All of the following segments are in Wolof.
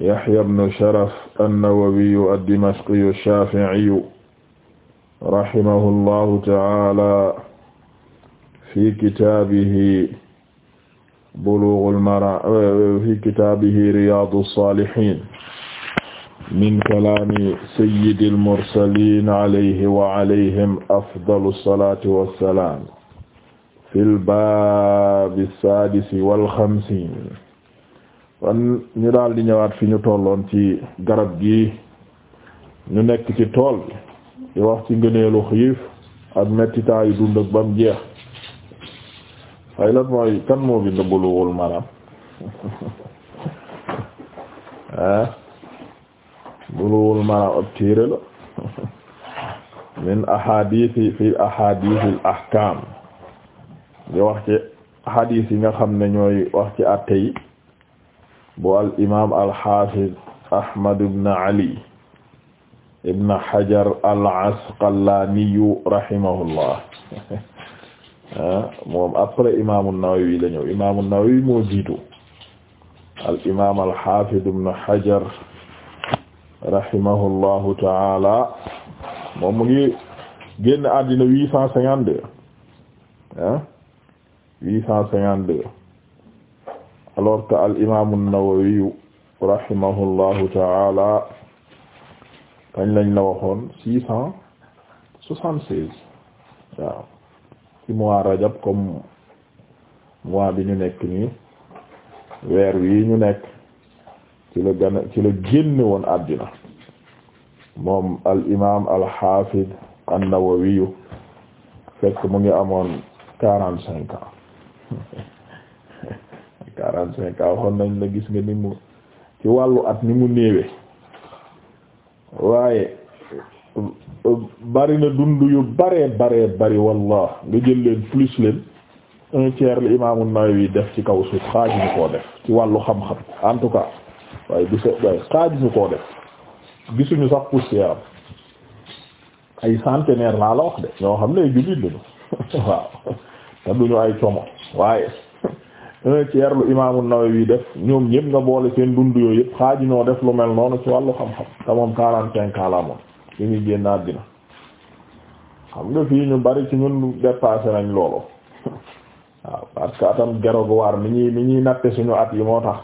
Yahya ibn Sharaf an-Nawawiyu ad-Dimashqiyu ash-Shafi'iyu rahimahullahu ta'ala fi kitaabihi Bulughul Maram fi kitaabihi Riyadus Salihin min kalaami sayyidil mursaliin alayhi wa alayhim afdalus salaati wassalaam fil baabi saadisi wal xamsiin kon ñu daal ñëwaat fi ñu tolloon ci garab gi ñu nekk ci tool bi di wax ci ngëneelu xiif ak mettitaayu dund ak bam jeex fay lan mooy kan moo bind Bulughul Maram ah Bulughul Maram ab téere la min ahadithi fi ahadithil ahkam di wax ci hadith yi nga xam ne ñooy wax ci àtte yi bu al imaam al xaafiz Ahmad ibn Ali ibn Hajar al Asqalaaniyu rahimahullah après imaam an-Nawawi la ñëw moo jiitu al imaam al xaafiz ibn Hajar rahimahullahu taala moom mu ngi génn àddina huit cent cinquante deux ah, huit cent cinquante deux alors que al imaamu Nawawi rahimahullahu taala kañ lañ la waxoon six cent soixante seize waaw ci mois rajab comme mois bi ñu nekk nii weer wi ñu nekk ci la gana ci la moom al imaam al xaafid an-Nawawi fekk mu ngi amoon quarante cinq ans quarante cinq ans waxoon nañ la gis nga ni mu ci wàllu at ni mu néewee waaye euh, bari na dund yu bare baree bari wallah nga jël leen plus leen un tiers li imaamu Nawawi def ci kaw suuf xaajuñu koo def ci wàllu xam-xam en tout cas waaye gis waaye xaajuñu koo def gisuñu sax poussière am ay centenaire laa la wax de ñoo xam ne ay jullit lañu waaw te duñu ay como waaye un tiers lu imaamu An-Nawawi def ñoom ñëpp nga boole seen dund yooyu yëpp xaaju ñoo def lu mel noonu ci wàllu xam-xam te moom quarante cinq ans moom li ñuy génn àddina xam nga fii ñu bari ci ñun dépassé nañ loolu waaw parce que atam geroguwaar mi ñuy mi ñuy natte suñu at yi moo tax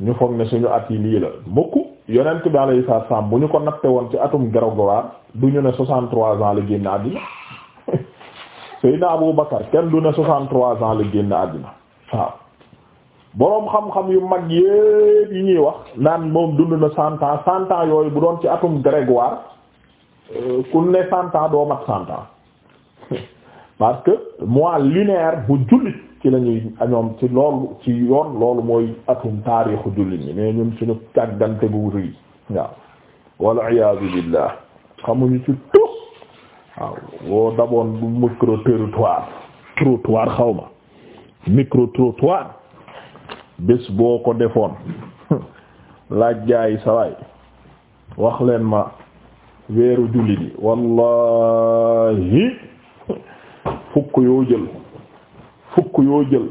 ñu foog ne suñu at yi lii la mukk yonent bi alayhi salaam bu ñu ko natte woon ci atum geroguwaar du ñu ne soixante trois ans la génn àddina Seydina Abu Bakar kenn du ne soixante la génn àddina boroom xam-xam yu mag yépp yi ñuy wax naan moom dund na cent ans yooyu bu doon ci atum grégoire euh, ku ne cent ans doo mat cent parce que mois lunaire bu jullit ci la ñuy ah, ci loolu ci yoon loolu mooy atum taarixu jullit ñi mais ñun suñu càggante gu rëy waaw wal iyaadu billah xamuñu ci tout waaw boo daboon bu micro territoire trottoir xaw ma micro trottoir bés boo ko defoon laaj jaayi sawaay wax leen ma weeru julli di wallahi fukk yoo jël fukk yoo jël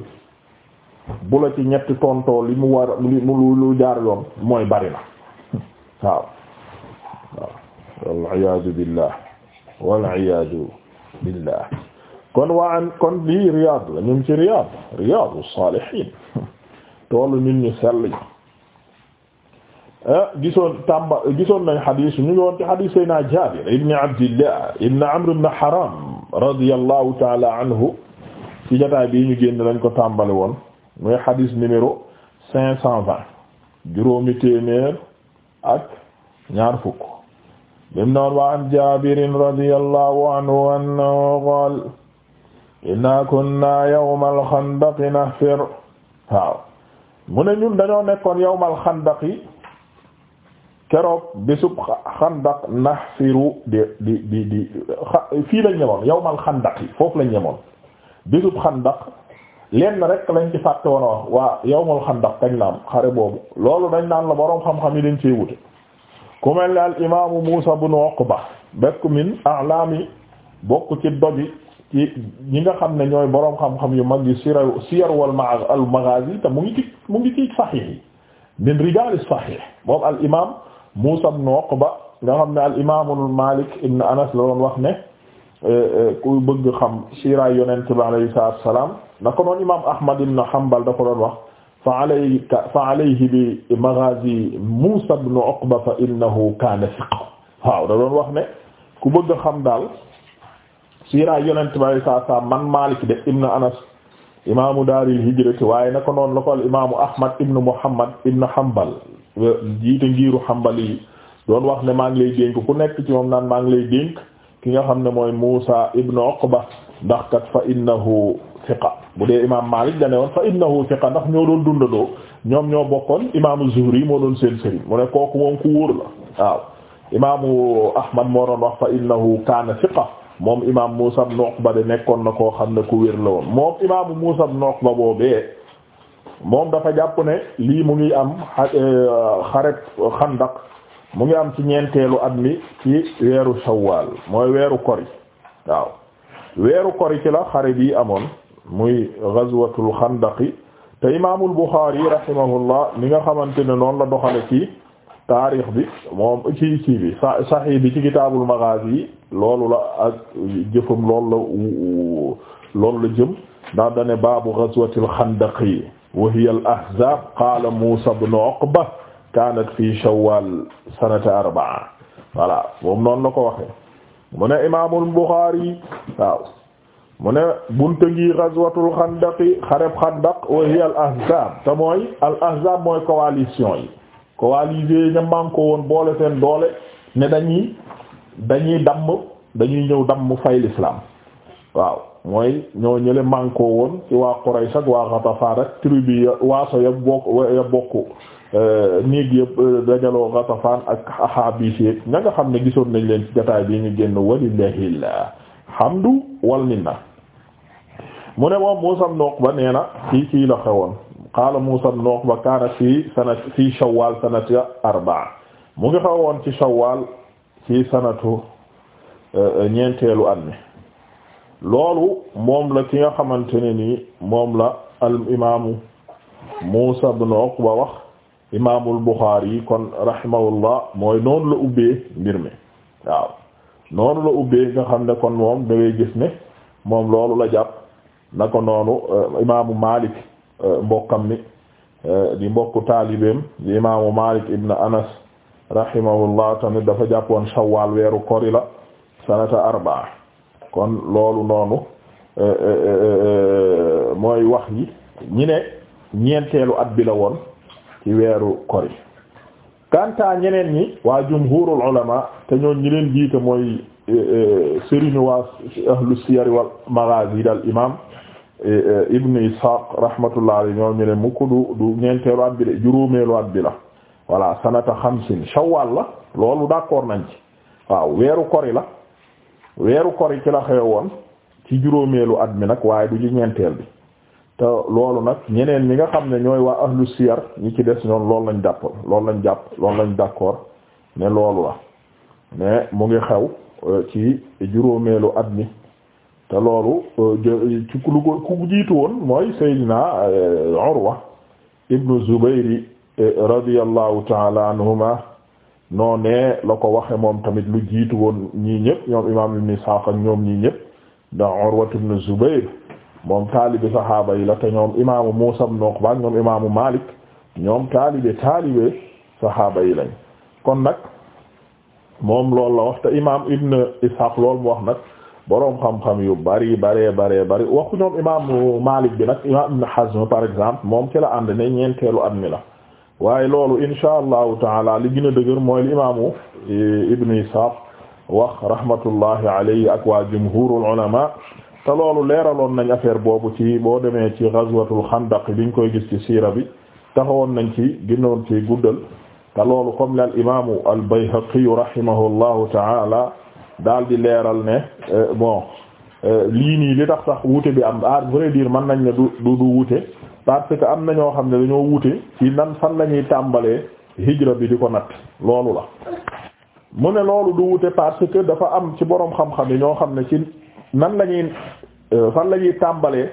bu la ci ñetti tontoo li mu war li mu lu jaar yoon mooy bari na waaw waaw wal iyaadu billah wal iyaadu billah kon waa an kon lii Riyad la ñun ci Riyad Riyadu Salihin toolu nit ñu sell ah, gisoon tàmba gisoon nañ xadis ñu ngi woon ci xadis sayna Jaabir ibn Abdillah ibn Amr ibn Haram radiyallahu taala anhu ci jotaay bii ñu génn lañ ko tàmbali woon mooy xadis numéro cinq cent vingt juróomi téeméer ak ñaar fukk bim wa an Jaabirin radiyallahu anhu annahu qaala inna kunna yawmal mu ne ñun dañoo nekkoon yawmal xandaq yi keroog bésub xandaq naxfiru di di di di fii lañ ñemoon yawmal xandaq yi foofu lañ ñemoon bésub xandaq lenn rek lañ ci fàtte woon a wax waa yawmal xandaq kañ la am xare boobu loolu dañ naan la boroom xam-xam yi dañ cee wute ku mel ne al imaamu Muusa ibn Uqba bekk min a'laami bokk ci doji ci ñi nga xam ne ñooy boroom xam-xam yu ma yi sira siyar wal al maghazi te mu ngi ci mu ngi ci sahih yi min rijal sahih Musa ibn Uqba al imam Malik ibn Anas la doon wax ne eh, eh, ku bëgg xam siray yonent bi alayhi salaatu salaam na wax fa alayka bi maghazi Musa ku bëgg xam daal siira yonent bi saa saa man Maalik de ibn Anas imaamu daaril hijrati waaye naka noonu la ko al imaamu Ahmad ibn Muhammad ibn Hanbal jiite ngiiru Hanbal yi doon wax ne maa ngi lay dénk ku nekk ci moom naan maa ngi lay dénk ki nga xam ne mooy Muusa ibn Uqba ndax kat fa innahu thiqa bu dee imaam Maalik da ne woon fa innahu thiqa ndax ñoo doon dundandoo ñoom ñoo bokkoon imaamu Zuhri moo doon seen sëriñ mu ne kooku moom ku wóor la waaw imaamu Ahmad moo doon wax fa innahu kaana thiqa moom imaam Muusa ibn Uqba de nekkoon na koo xam ne ku wér la woon moom imaamu Muusa ibn Uqba boobee moom dafa jàpp ne lii mu ngi am eh, xaret xandak mu ngi am ci ñeenteelu at mi ci weeru Shawwal mooy weeru kori waaw weeru kori ci la xare bii amoon muy ghazwatul xandaqi te imaamul Buxaari rahimahullah ni nga xamante ne noonu la doxale ci taarix bi moom ci ci bi sahih bi loolu la ak jëfam loolu la loolu la jëm ndax dane baabu ghazwatil xandaqi wa hiya al qaala musa ibn uqba kaanat fi shawwal sanata arba'a voilà moom noonu la ko waxee mu ne imaamul buxaari waaw mu ne wa hiya al ahzab te mooy al mooy coalition yi coalisés ña manko woon boole seen doole ne dañuy dañuy damm dañuy ñëw damm fay l'islam waaw mooy ñoo ñële manko woon ci waa Quraysh ak waa Ghatafan ak tribu waaso ya bokk ya bokk euh, néeg yëpp euh, dajaloo Ghatafan ak Ahaabiis ña nga xam ne gisoon nañ leen ci jotaay bi ñu génn walillaahil hamdu wal minna mu ne moom Muusaa ibn Uqba nee fii fii la qaala Muusaa ibn Uqba kaana fi sanati fii Shawwaal sanata arba'a mu ngi xaw woon ci Shawwaal ci sanatu eh, ñeenteelu at mi loolu moom la ki nga xamante ne nii moom la al imaamu Muusaa ibn Uqba wax imaamul Buxaari kon rahimahullah mooy noonu la ubbee mbir mi waaw noonu la ubbee nga xam ne kon moom da gis ne moom loolu la jàpp na ko noonu eh, imaamu Maalik Euh, mbokkam mi euh, di mbokku taalibeem di imaamu Malik ibn Anas rahimahullah tamit dafa jàppoon shawwal weeru kori la sanata arbaa kon loolu noonu euh, mooy wax yi ñi ne ñeenteelu at bi la woon ci weeru kori kanta ñeneen ñi waa jumhurul ulama te ñoon ñi leen jiite mooy sëriñu ahlu siyar wal maghazi dal E, e, ibn Ishaq rahmatullah alayhi ñoom ñu ne mukk du ñeenteelu at bi de juróomeelu at bi la voilà sanata xamsin shawwal la loolu d'accord nañ ci waaw weeru kori la weeru kori ci la woon ci juróomeelu at mi nag waaye du ci ñeenteel bi te loolu nag ñeneen ñi nga xam ne ñooy wax ahlu siyar ñi ci des ñoom lool lañ jàpp loolu lañ jàpp loolu lañ d'accord ne loolu la mais mu ngi xew e, ci juróomeelu at mi te loolu euh, ci lu ko ku jiitu woon mooy Seydina euh, Urwa ibnu Zubayri euh, radiyallahu taala anhuma noonee la ko waxe moom tamit lu jiitu woon ñii ñëpp ñoom imam ibn Ishaq ak ñoom ñii ñëpp da Urwa ibnu Zubayr moom taalibe sahaaba yi la te ñoom imamu Muusa ibn Uqba ñoom imamu Maalik ñoom taalibe taalibe sahaaba yi lañ kon moom loolu la wax te imam ibn Ishaq mu wax boroom xam-xam yu bari bari bare bari waxu ñoom imaamu Maalik bi nag imaam Ibn Hazm par exemple moom ci la ànd ne ñeenteelu at mi la waaye loolu insha allahu taala li gën a dëgër mooy li imaamu Ibn Isaaq wax rahmatullahi alayhi ak waa jumhurul ulama te loolu leeraloon nañ affaire boobu ci boo demee ci ghazwatul xandaq biñ koy gis ci siira bi taxawoon nañ ci gënoon ci guddal te loolu comme li al imaamu al Bayhaqi rahimahullahu taala daal di leeral ne euh, bon euh, lii nii li tax sax wuute bi am à vrai dire mën nañ ne du du du wuute parce que am na ñoo xam ne dañoo wuute ci nan fan lañuy tàmbalee hijra bi di ko natt loolu la. mu ne loolu du wuute parce que dafa am ci boroom xam-xam yi ñoo xam ne ci nan lañuy ñuy euh, fan la ñuy tàmbalee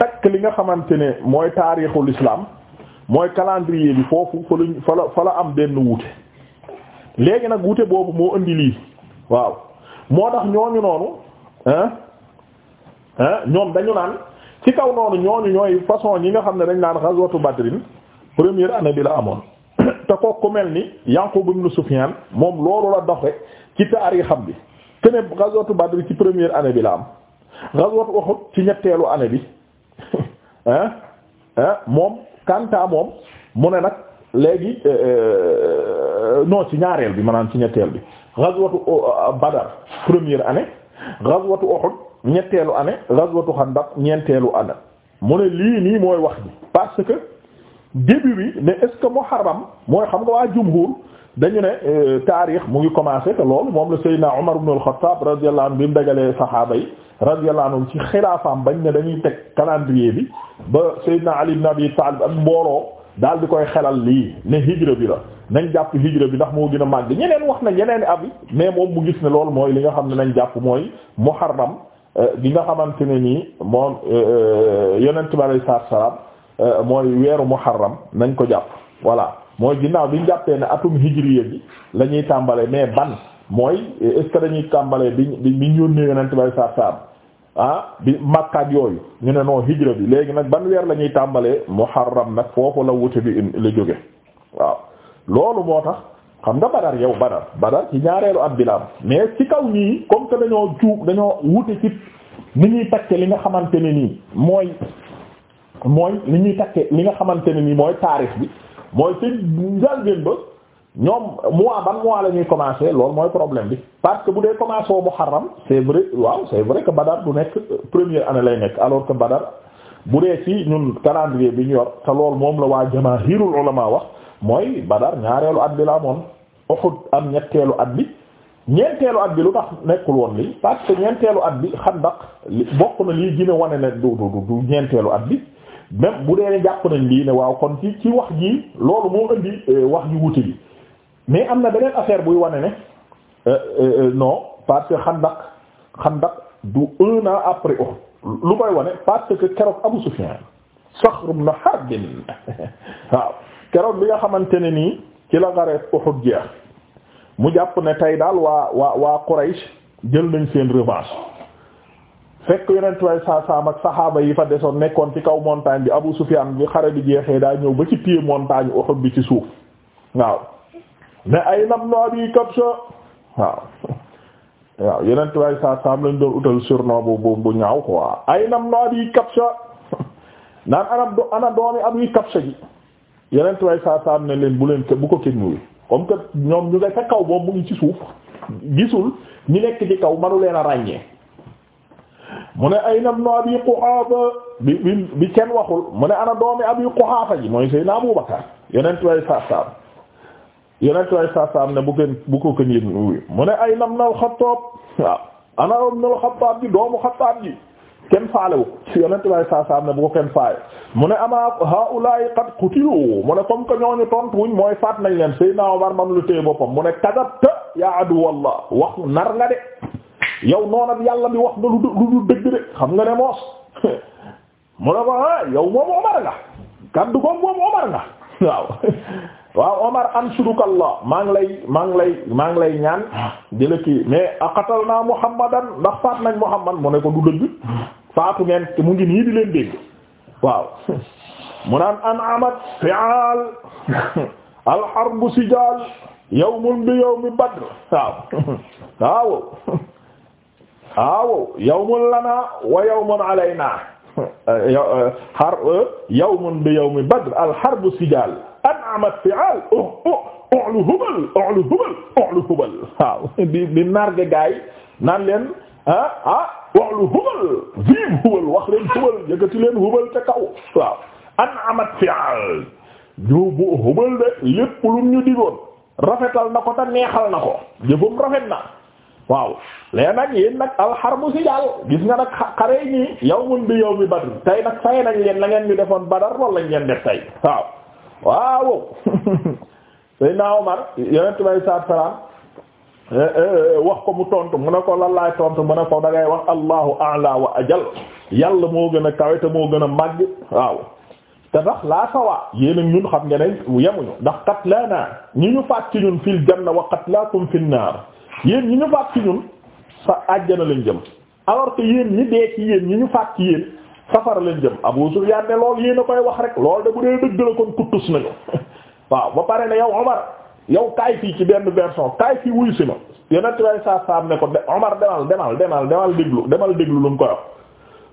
takk li nga xamante ne mooy taarixul islam mooy calendrier bi foofu fa la fa la am denn wuute léegi nag wuute boobu moo indi lii. waaw moo tax ñooñu noonu hein hein ñoom dañu naan ci kaw noonu ñooñu ñooy façon ñi nga xam ne dañ naan ghazwatu badrin première année bi la amoon te ko ku mel ni Yaqub ibn Sufyan moom loolu la dox rek ci taarixam bi kene ghazwatu Badr ci première année bi la am ghazwatu Uhud ci ñetteelu année bi hein hein moom kanta moom mu ne nag léegi euh, euh, non ci ñaareel bi maanaam ci ñetteel bi ghazwatu euh, Badar première année ghazwatu Uhud ñetteelu année ghazwatu Khandaq ñeenteelu année mu ne lii nii mooy wax ji parce que début bi ne est-ce mooy xam nga waa jumhur dañu ne euh, taarix mu ngi commencé te loolu moom la Seydina Umar ibn al-Khattab radiyallahu anhu bi mu dagalee saxaaba yi radiyallahu anhu ci xilaafaam bañ ne dañuy teg calendrier bi ba Seydina Ali ibn Abi Talib mbooloo daal di koy xelal lii ne hijra bi la nañ jàpp hijra bi ndax moo gën a màgg ñeneen wax na yeneen ab mais moom mu gis ne loolu mooy li nga xam ne nañ jàpp mooy muharram euh, gi nga xamante ne nii moom euh, euh, yonent bi alayhi salaatu salaam mooy weeru muharram nañ ko jàpp voilà mooy ginnaaw bi ñu jàppee ne atum hijriya bi la ñuy tàmbalee mais ban mooy est ce que dañuy tàmbalee bi bi ñu yónnee yonent bi alayhi salaatu salaam ah bi makkaat yooyu ñu ne non hijra bi léegi nag ban weer la ñuy tàmbalee muharram nag foofu la wute bi la jóge waaw. loolu moo tax xam nga badar yow badar badar ci ñaareelu at bi mais ci kaw nii comme que dañoo juub dañoo wute ci ni ñuy takke li nga xamante ne nii mooy mooy li ñuy takke li nga xamante ne nii mooy taarix bi mooy te njàlbéen ba ñoom mois ban mois la ñuy commencer loolu mooy problème bi parce que bu dee commencer au muharram c'est waaw c'est vrai que badar du nekk première année lay nekk alors que badar bu dee ci ñun calendrier bi ñu yor te loolu moom la waa jamaahirul ulama wax mooy Badar ñaareelu at bi la amoon Uhud am ñetteelu at bi ñeenteelu at bi lu tax nekkul woon li parce que ñeenteelu at bi Xandaq bokk na lii gën a wane ne du du du ñeenteelu at bi même bu dee ne jàpp nañ lii ne waaw kon ci ci wax jii loolu moo indi euh, wax ji wuute bi mais am na beneen affaire buy wane ne euh, euh, non parce que Xandaq Xandaq du un an après Uhud lu koy wane parce que keroog Abu Sufyan Saxr ibn Harb waaw keroog bi nga xamante ne nii ci la xareef Uhud jeex mu jàpp ne tey daal waa waa waa Quraysh jël nañ seen revanche fekk yonent way saa saam ak saxaaba yi fa desoon nekkoon ci kaw montagne bi Abu Sufyaan bi xare bi jeexee daa ñëw ba ci pied montagne Uhud bi ci suuf waaw ne ay nam no abi Kabsha waaw waaw yonent way saa saam lañ doon utal surnom bu bu ñaaw quoi ay nam no abi Kabsha naan ana ana doomi abi Kabsha ji yeneen way saa saa ne leen bu leen bu ko kenn wuyu comme que ñoom ñu nga ca kaw boobu mu ngi ci suuf gisul ñi nekk di kaw manu leen a ràññee mu ne ay nam no abi Quhaafa bi bi bi kenn waxul mu ne ana doomi abi Quhaafa ji mooy Seydina Abu Bakar yeneen way saa saa am yeneen way saa saa ne bu kenn bu ko kenn yéen wuyu mu ne ay nam na al Xattaab waaw ana ibn al Xattaab doomu Xattaab ji kenn faalewu si yonent way saa saam ne bu ko kenn faale mu ne ama haula'i qad qutilu mu ne comme que ñooñu tontu wuñ mooy faat nañ leen Seydina Omar man lu téye boppam mu ne kadabta yaa aduwallah wax nar nga de yow noonat yàlla bi wax nga lu lu dëgg de xam nga ne moos mu ne ko ah yow moom Omar nga kaddu ko moom Omar nga waaw waaw Omar ansurukallah maa ngi lay maa ngi lay maa ngi lay ñaan jële kii mais aqatal naa faat nañ muhammad mu ne ko du dëgg faatu ngeen mu ngi nii di leen dégg waaw mu naan an amat fi'al alxarbu sijaal yawmun bi yawmi badr waaw waaw lana wa yawmun alayna xar bi yawmi badr alxarbu sijaal zaamat fi'al ulu oh, oh, hubal ulu hubal ulu hubal waaw di di gaay naan leen ah ah ulu hubal vive hubal wax leen hubal yëkkati leen hubal ca kaw waaw an amat fi'al jubu hubal de lépp lu ñu digoon rafetal na ko te neexal na ko jëfum rafet na waaw léegi nag yéen nag alxarbu si jàll gis nga nag xare yi nii yawmun bi yawmi badr tey nag fay nañ leen la ngeen ñu defoon badar loolu lañ leen waaw Seydina Omar yonent bay saat salaam eh, eh, wax ko mu tontu mu ne ko lan laay tontu mu ne ko dangay wax allahu a'la wa ajal yàlla moo gën a kawe te moo gën a màgg waaw te ndax laa sawa yéena ñun xam nga ne yemuñu ndax qatlana ñi ñu faat ci ñun fil janna wa qatlaakum fin naar yéen ñi ñu faat ci ñun sa àjjana lañ jëm alors que yéen ñi dee ci yéen ñi ñu faat ci yéen safara leen jëm Abu Sufyaan ne lool yéen a koy wax rek lool de bu dee dëgg la kon kuttus nañu waaw ba pare ne yow Omar yow kaay fii ci benn version kaay fii wuyu si ma yeneen tubaab yi saa ne ko Omar demal demal demal demal déglu demal déglu lu mu koy wax.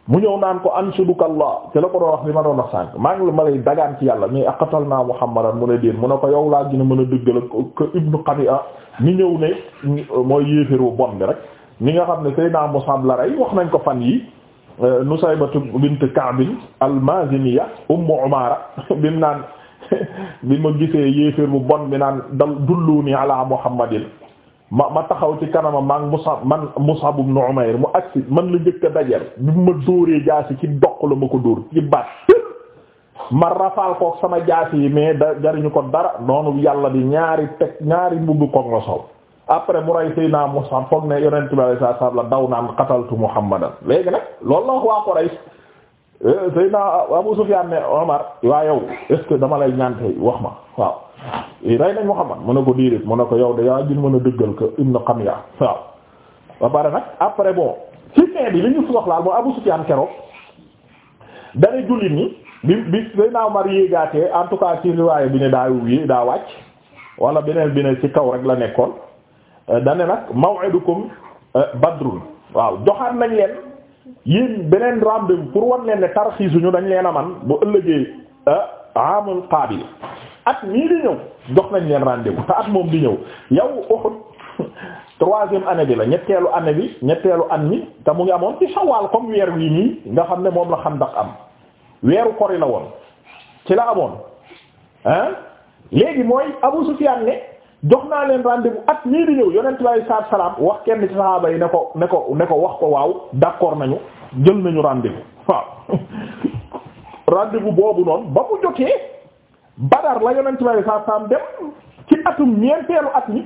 mu ñëw naan ko ansudukallah te la ko doon wax li ma doon wax sànq maa ngi ma lay dagaan yàlla mais aqatal naa muhammadan mu ne déen mu ne ko yow laa gën a mën a dëggal ko ibnu qabi'a ni ñëw ne mooy yéeféru bi rek ñi nga xam ne Seydina Musab la rey wax nañ ko fan yi Euh, Nusaybatu bint Ka'b al-Maziniya Ummu Umaara bi mu naan bi ma gisee yéeféer bu bon bi naan dal dulluni ala Muhammadin ma ma taxaw ci kanama maa ngi Musab man Musab ibn Umayr mu agsi man la njëkk a dajeel bi ma dóoree jaasi ci doq la ma ko dóor ci baat ma rafaal kook sama jaasi yi mais da jariñu ko dara noonu yàlla bi ñaari teg ñaari mbubb koog après mu rey Seydina Mus'ab foog ne yonent bi alayhi la daw naan qataltu Muhammadan léegi nag loolu la wax waa Quraysh eh, Seydina Abu Sufyan ne Omar waa yow est-ce que dama lay ñaan wax ma waaw eh, rey nañ Muhammad mu ne ko déedéet mu ne ko yow de yaa gën mën a dëggal ko Ibn Qamiya waaw ba pare nag après bon ci fin bi li ñu soxlaal mooy Abu Sufyan keroog dara jullit ñi bi bi Seydina Omar yéegaatee en tout cas ci riwaaya bi ne daa wii daa wàcc wala beneen bi ne ci kaw rek la nekkoon Euh, dane nag maw'idukum euh, badrun waaw joxaat nañ leen yéen beneen rendez-vous pour wan leen su ñu dañ leen a man bu ëllëgee euh, amul qaabil at mii di ñëw jox nañ leen rendez-vous te at moom di ñëw yow Uhud troisième bi la ñetteelu année bi ñetteelu an mi te mu ngi amoon ci Shawwal comme weer wii nii nga xam ne moom la Xandaq am weeru kori la woon ci la amoon léegi mooy Abu Sufyaan ne jox naa leen rendez at ñii di ñëw yonent bi salaam wax kenn ci saxaaba yi ne ko ne ko ne ko wax ko waaw d'accord nañu jël nañu rendez-vous waaw rendez-vous boobu noonu ba mu jotee Badar la yonent bi salaam dem ci atum ñeenteelu at mi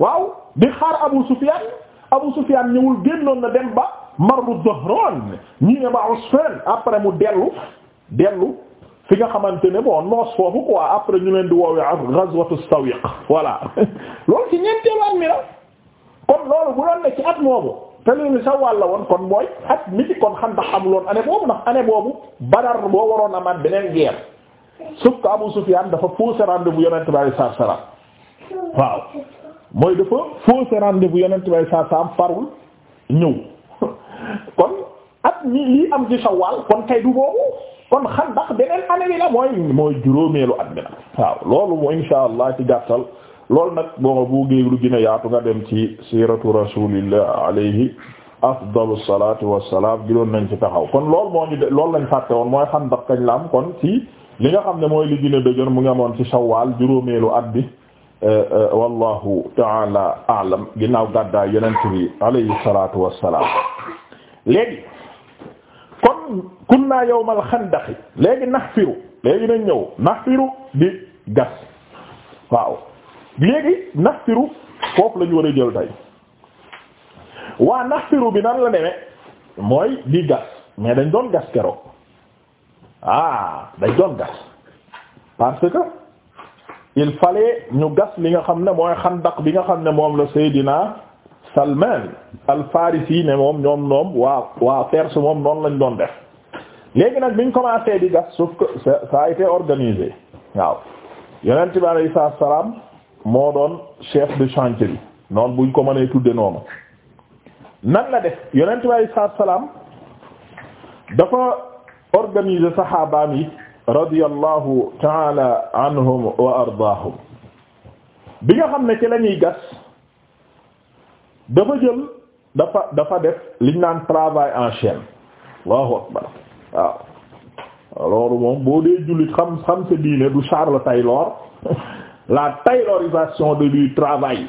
waaw di xaar Abu Sufyaan Abu Sufyaan ñëwul génnoon na dem ba Marbu Dahran ñii ne ba Usfan après mu dellu dellu fi nga xamante ne bon noos foofu quoi après ñu leen di woowee ak ghazwatu sawiq voilà loolu ci ñeenteelu at mi la kon loolu bu doon ne ci at moomu te léegi sa la woon kon mooy at mi ci kon xam ndax amuloon année boobu ndax année boobu boo waroon amaat beneen guerre sauf que Abu Sufyan dafa faussé rendez-vous yonent bi sallallahu alayhi wasallam waaw mooy dafa faussé rendez-vous yonent lii am ci sa wàll kon kay du boobu. kon xandax beneen année bi la mooy mooy juróomeelu at waaw loolu moo insha allah ci gàttal lool nag boo bu géeglu gën a yaatu nga dem ci siratu rasulillah alayhi afdalu salatu wassalam gidoon nañ ci taxaw kon loolu moo ñu de loolu lañ fàtte woon mooy kañ la am kon ci li nga xam ne mooy li gën a mu ngi amoon ci shawwal juróomeelu at bi eh, eh, wallahu taala alam ginnaaw gàddaay yonent bi alayhi salatu wassalam léegi kon kunna yawmal xandaqi léegi naxfiru léegi nañ ñëw naxfiru di gas waaw léegi naxfiru foofu la ñu a jël tey waa naxfiru bi nan la demee mooy di gas mais dañ doon gas keroog ah dañ doon gas parce que il fallait ñu gas li nga xam ne mooy xandaq bi nga xam ne moom la Seydina. Salman al-Farisi ne moom ñoom ñoom waa waa Perse moom noonu lañ doon def léegi nag biñ commencé di gas sauf que ça a été organisé waaw yonent bi alayhi salaam moo doon chef de chantier bi noonu buñ ko mënee tudde noonu nan la def yonent bi alayhi salaam dafa organiser saxaabaam yi radiyallahu ta'ala anhum wa ardaahum bi nga xam ne ci lañuy gas dafa jël dafa dafa def liñ naan travail en chaîne Allahu akbar waaw loolu moom boo dee jullit xam xam sa diine du Charles Taylor la taylorisation de du travail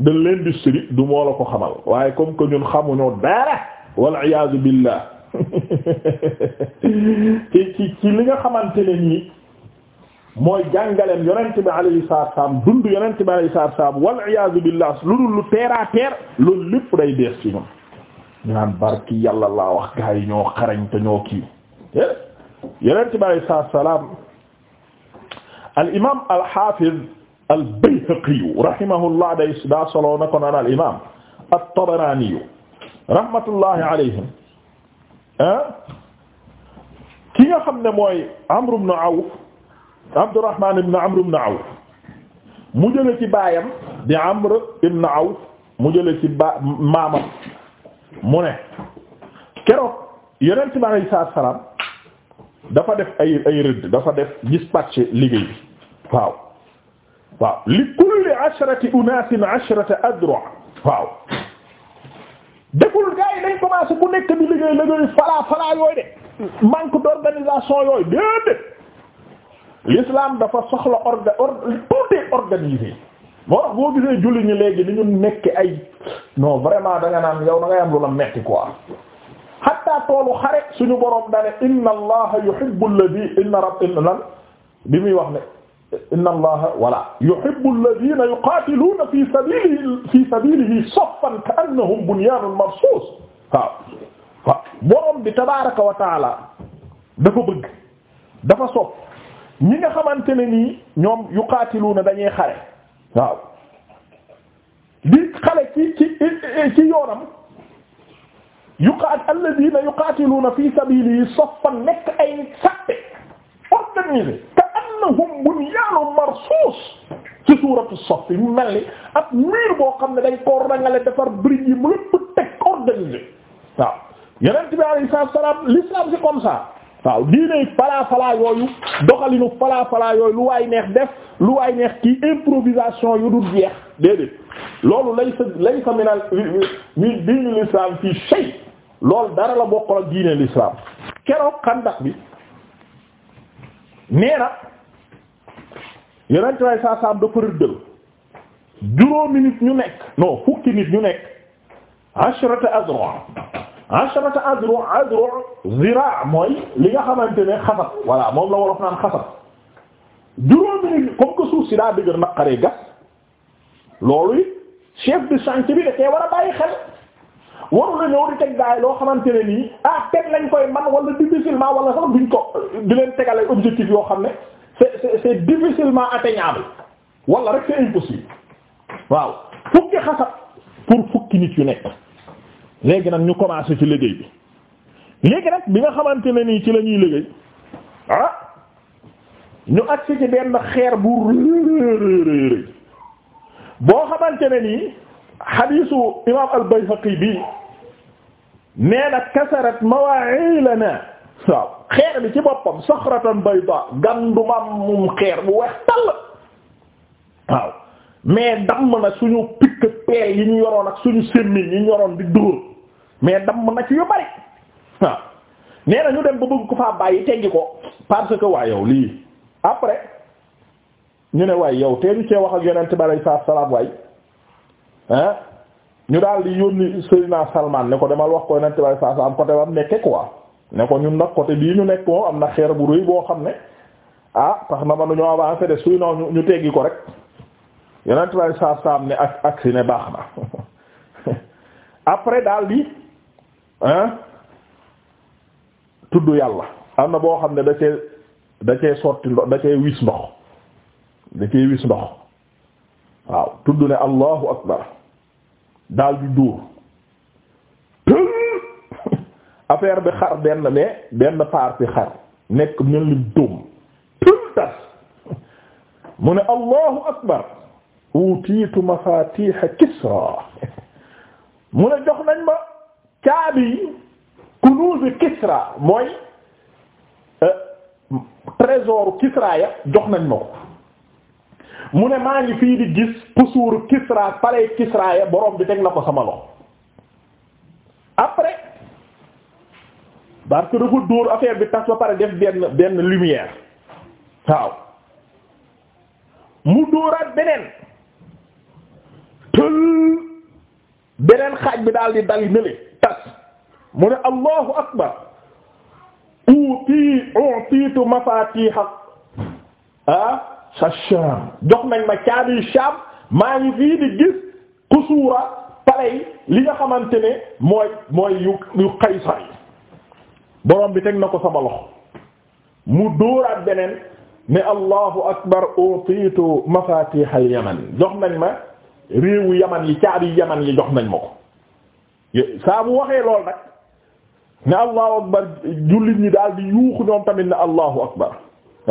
de l'industrie du moo la ko xamal waaye comme que ñun xamuñoo dara wal iyaazu billah ci ci li nga xamante ne nii mooy jàngaleem yonent bi alayhi salaam dund yonent bi alayhi salaam wal iyaazu billah lu dul lu terre à terre loolu lépp day dees ci ñun ñu naan barki yàlla laa wax gaa yi ñoo xarañ te ñoo kii yonent bi alayhi salaam al imaam al haafiz al bayhaqi rahimahullah day daa solo na ko naan al imaam at tabaraani rahmatullahi alayhim ah, ki nga xam ne mooy amru ibn awf Abdurrahman ibn Amr ibn Awf mu jële ci baayam di Amr ibn Awf mu jële ci ba maamam mu ne keroog yonent bi alayhi dafa def ay ay rëdd dafa def dispatché liggéey bi li kulli ashrati unaasin ashrata adro waaw deful gars yi dañ bu nekk di liggéey liggéey falaa falaa yooyu de manque d'organisation yooyu déedéet l'islam dafa soxla orga or tout est organisé moo tax boo gisee julli ñi léegi ni ñu nekk ay non vraiment da nga naan yow da ngay am lu la metti quoi hatta toolu xare suñu borom dane inna allaha yuhibbu alladhi inna rabbina lan bi muy wax ne inna allaha wala yuhibbu alladhina yuqatiluna fi sabilihi fi sabilihi saffan ka'annahum bunyanun marsus waaw waaw borom bi tabaraka wa taala dafa bëgg dafa sopp ñi nga xamante ne nii ñoom yuqaatiluuna dañuy xare waaw di xare ci ci ci yoonam yuqaat alladina yuqaatiluuna fi sabilihi saffan nekk ay nit sàppe organisé ka annahum bunyaanun marsuus ci suuratu saff yi mel ni ak miir boo xam ne dañ ko rangale defar brique yi mu lépp teg organisé waaw yeneen bi alayhi salaam l'islam c'est comme waaw diine falaa falaa yooyu doxalinu falaa falaa yooyu lu waay neex def lu waay neex ci improvisation yu dul jeex déedéet loolu laysa laysa min al min diine l'islam fii shay loolu dara la bokkul ak diine l'islam keroog xandax bi nee na yeneen saa dafa rëddal juróomi nit ñu nekk non fukki nit ñu nekk ashrata asharata adru adru zira mooy li nga xamante ne xasab voilà moom la wolof naan xasab juróomi comme que suuf si daa dëgër naqaree gas loolu it chef de chantier bi da cee war a bàyyi xel waru la teg gaay loo xamante ne nii ah teg lañ koy man wala difficilement wala sax duñ ko di leen tegale objectif yoo xam ne c'est c'est c'est difficilement atteignable wala rek c'est impossible waaw fukki xasab pour fukki nit yu nekk. léegi nag ñu commencé ci liggéey bi léegi nag bi nga xamante ne nii ci lañuy ñuy liggéey ah ñu agsi ci benn xeer bu boo xamante ne nii xadiisu imaam al-Bayhaqi bi nee na kasarat mawa'ilana waaw xeer bi ci boppam saxratan bayda gandumam mum xeer bu weex tàll waaw mais damm na suñu pikk peel yi ñu yoroon ak suñu semmiñ yi ñu yoroon di dóor mais damm na ci yu bari waaw ñu dem ba bëgg ko faa bàyyi teggi ko parce que waa yow lii après ñu ne waay yow teelu cee wax ak yonent bi alayhi salaam waay ah ñu daal di yónni Seydina Salman ne ko demal wax ko yonent bi alayhi salaam côté bam nekke quoi ne ko ñu nag côté bii ñu nekkoo am na xeer bu rëy boo xam ne ah tax na ma nu ñoo avancé de suy noo ñu teggi ko rek yonent bi alayhi salaam ne ak ak si ne baax na après daal di tudd yàlla am na boo xam ne da cee da cee sotti ndox da cee wis ndox da waaw tudd ne allahu akbar daal di duur affaire bi xar benn mais benn paar xar nekk mu ne allahu akbar utiitu mafatiha kisra mu ne jox nañ ma caabi yi kunuuzu Kisra mooy euh, trésor Kisra ya jox nañ ma ko mu ne maa ngi fii di gis pusuuru Kisra palais Kisra ya borom bi teg na ko sama loxo après parce dafa dóor affaire bi tas ba pare def benn benn lumière waaw mu dóoraat beneen tël beneen xaaj bi daal di dal nële mu ne allahu akbar uti utiitu mafatiha ah sa Sham jox nañ ma caabi Sham maa ngi fii di gis kusuura palais li nga xamante ne mooy mooy yu yu Qaysar yi borom bi teg na ko sama loxo mu dóoraat beneen ne allahu akbar utiitu mafatiha yaman jox nañ ma réewu yaman yi caabi yaman yi jox nañ ma ko saa bu waxee lool nag ne allahu akbar jullit ñi daal di yuuxu ñoom tamit ne allahu akbar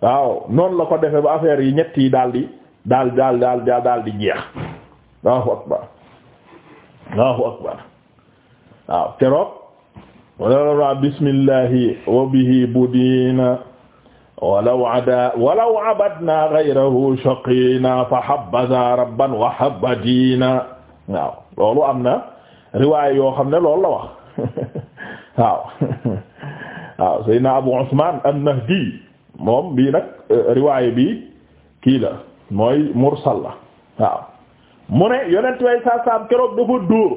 la ko defe ba affaire yi ñett yi daal di daal daal daal daal di jeex allahu akbar allahu wa bihi budina walaw ada walaw abadna shaqina fa habbaza rabban wa habadina waaw loolu am wax waaw waaw Seydina Abu Usman an-Nahdi moom bii nag euh, riwaay bi kii la mooy mursal la waaw mu ne yonent way saa saam keroog dafa dóor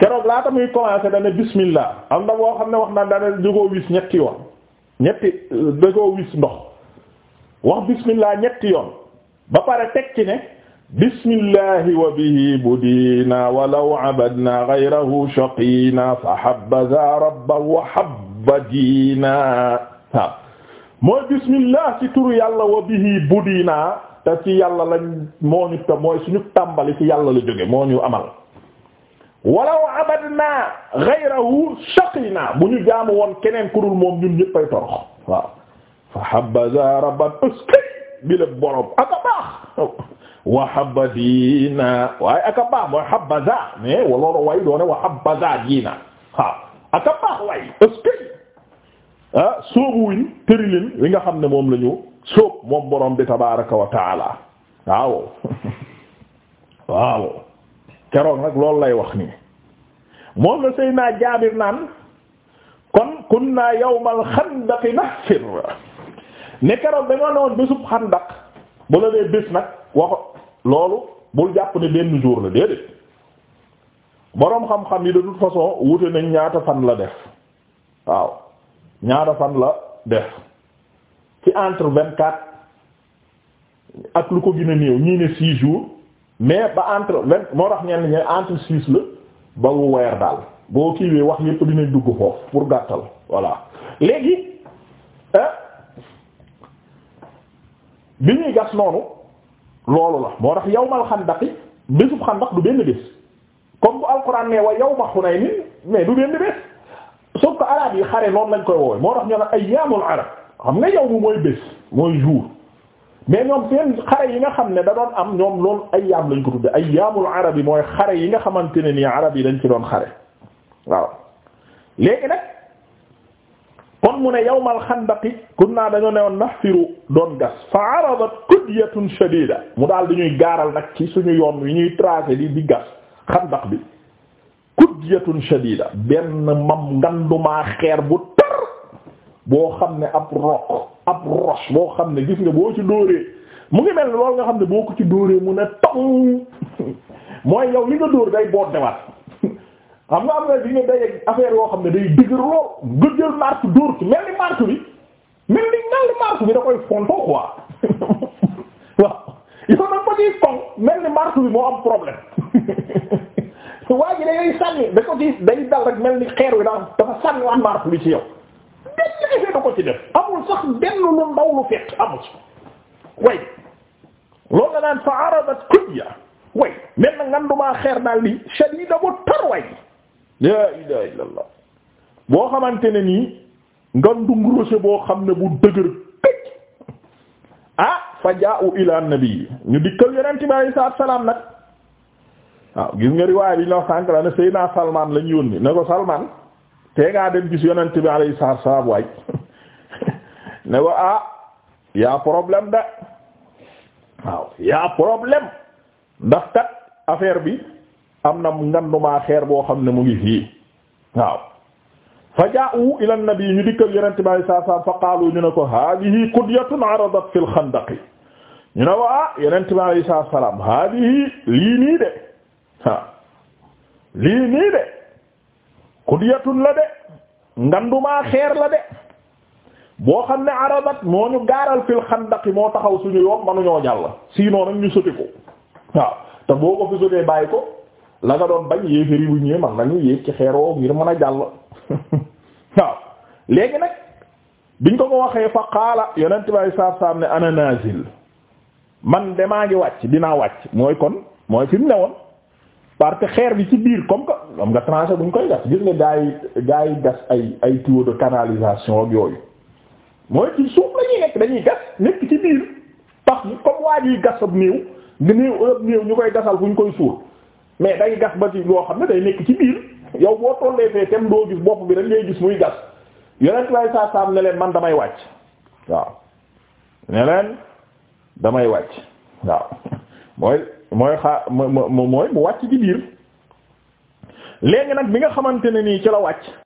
keroog laata muy commencé dana bismillah am na boo xam ne wax na dana da koo wis ñetti yoon ñetti da koo wis ndox wax bismillah ñetti yoon ba pare teg ci ne bismillahi wa bihi budiina walaw abadna ghayrahu shaqiina wa bismillah ci turu yàlla wa bihi budiina te ci yàlla lañ moo ñu te mooy suñu tàmbali ci yàlla la jóge moo ñu amal walaw abadna ghayrahu shaqiina bu ñu jaamu woon keneen ku dul moom ñun ñépp ay torox fa habbaza rabban bi la borom ak a baax wa habadina waaye aka baax mooy habaza mais waloolu way doone wa habaza diina waaw aka baax way est-ce que ah sóobu win tërilin wi nga xam ne moom la ñu moom borom bi tabaraka wa taala waaw keroog nag loolu lay wax nii moom la Seydina Jaabir naan kon kunna yawmal xandaq nahfir ne keroog dañoo ne woon bésub xandak bu la dee bés nag wax loolu bul jàpp ne benn jour la déedéet boroom xam-xam yi de toute façon wute nañ ñaata fan la def waaw ñaata fan la def ci entre vingt quatre ak lu ko gën a néew ñii ne six jours mais ba entre vingt moo tax ñenn ñi entre six la ba wu weer daal boo kiiwee wax yépp dinañ dugg foofu pour gàttal voilà léegi ah, bi ñuy gas noonu. loolu la moo rax tax yawmal xandaqi bésub xandaq du benn bés comme bu alquran ne wa yawma Hunayn mais du benn bés sauf que arab yi xare noonu lañ koy woowee moo tax ñu ne ayyaamul arab xam ne yow bu mooy bés mooy jour mais ñoom seen yi nga xam ne da doon am ñoom loolu ayyaam lañ ko tudde ayyaamul arab yi mooy xare yi nga xamante ne nii arab yi dañ ci doon xare waaw léegi kon mu ne yawmal xandaqi kunna dañoo newoon nahfiru doon gas fa aradat qudyatun shadida mu daal di ñuy gaaral nag ci suñu yoon wi ñuy tracé di di gas xandaq bi qudyatun shadida benn mam ngandumaa xeer bu tar boo xam ne ab roc ab roche boo xam ne gis nga boo ci dóoree mu ngi mel loolu nga xam ne boo ko ci dóoree mu ne taw mooy yow li nga dóor day boot dewaat xam nga am na bi nga day affaire yoo xam ne day dëgër lool nga jël marque dóor mel ni marque bi mel ni mel bi da koy fonto quoi waaw yow nag ko ciy koŋ mel ni marque bi moo am problème waa ji da ngay sànni da ko ci day dal rek mel ni xeer wi dafa dafa sànniwaat marque bi ci yow benn effet da ko ci def amul sax benn lu ndaw lu fekk amul way loolu nga naan fa arabat kunya way mel na ngandumaa xeer daal li shadida bu tar way laa ilaha illa boo xamante ne nii ngandum roche boo xam ne bu dëgër këcc ah fa jaa'u ila nabi ñu dikkal yonent bi alayhi salaam nag waaw ah, gis nga riwaaya bi ñu la sànk la ne Seydina Salman lañ yónni ne ko Salman tee ngaa dem gis yonent bi alayhi salaatu salaam ne ko ah yaa problème da waaw yaa problème ndax kat affaire bi am na ngandumaa xeer boo xam ne mu ngi fii waaw fa jaa'u ila an-nabi ñu dikkal yonente bi alei sat u fa qaalu ñu ne ko hadihi qudyatun aradat fi al-xandaqi ñu ne ah wa ah yonente bi alei salaam hadihi lii nii de waaw lii nii de qudyatun la de ngandumaa xeer la de boo xam ne aradat moo ñu gaaral fil xandaqi moo taxaw suñu yoon manuñoo jàll sinon nag ñu sote ko waaw te boo ko fi sotee bàyyi ko la nga doon bañ yéeféri bu ñëwee man nañu yéeg ci xeeroo ngir mën a jàll waaw léegi nag biñ ko ko waxee fa qaala yonent bay saab saab ne ana man de maa ngi wàcc dinaa wàcc mooy kon mooy fi mu ne woon parce que xeer bi ci biir comme que am nga tranché buñ koy gas gis nga gaa yi gaa yi gas ay ay de canalisation ak yooyu mooy ci suuf la nekk dañuy gas nekk ci biir tax comme waa jiy gas ab néew nga ab néew ñu koy gasal fu ñu koy suul mais day gas ba ci loo xam ne tay nekk ci biir yow boo tollee fee tem doo gis bopp bi dañ lay gis muy gas yonent lay saa saam ne leen man damay wàcc waaw ne damay wàcc waaw mooy mooy xaa mooy mu wàcc ci biir léegi nag bi nga xamante ne nii ci la wàcc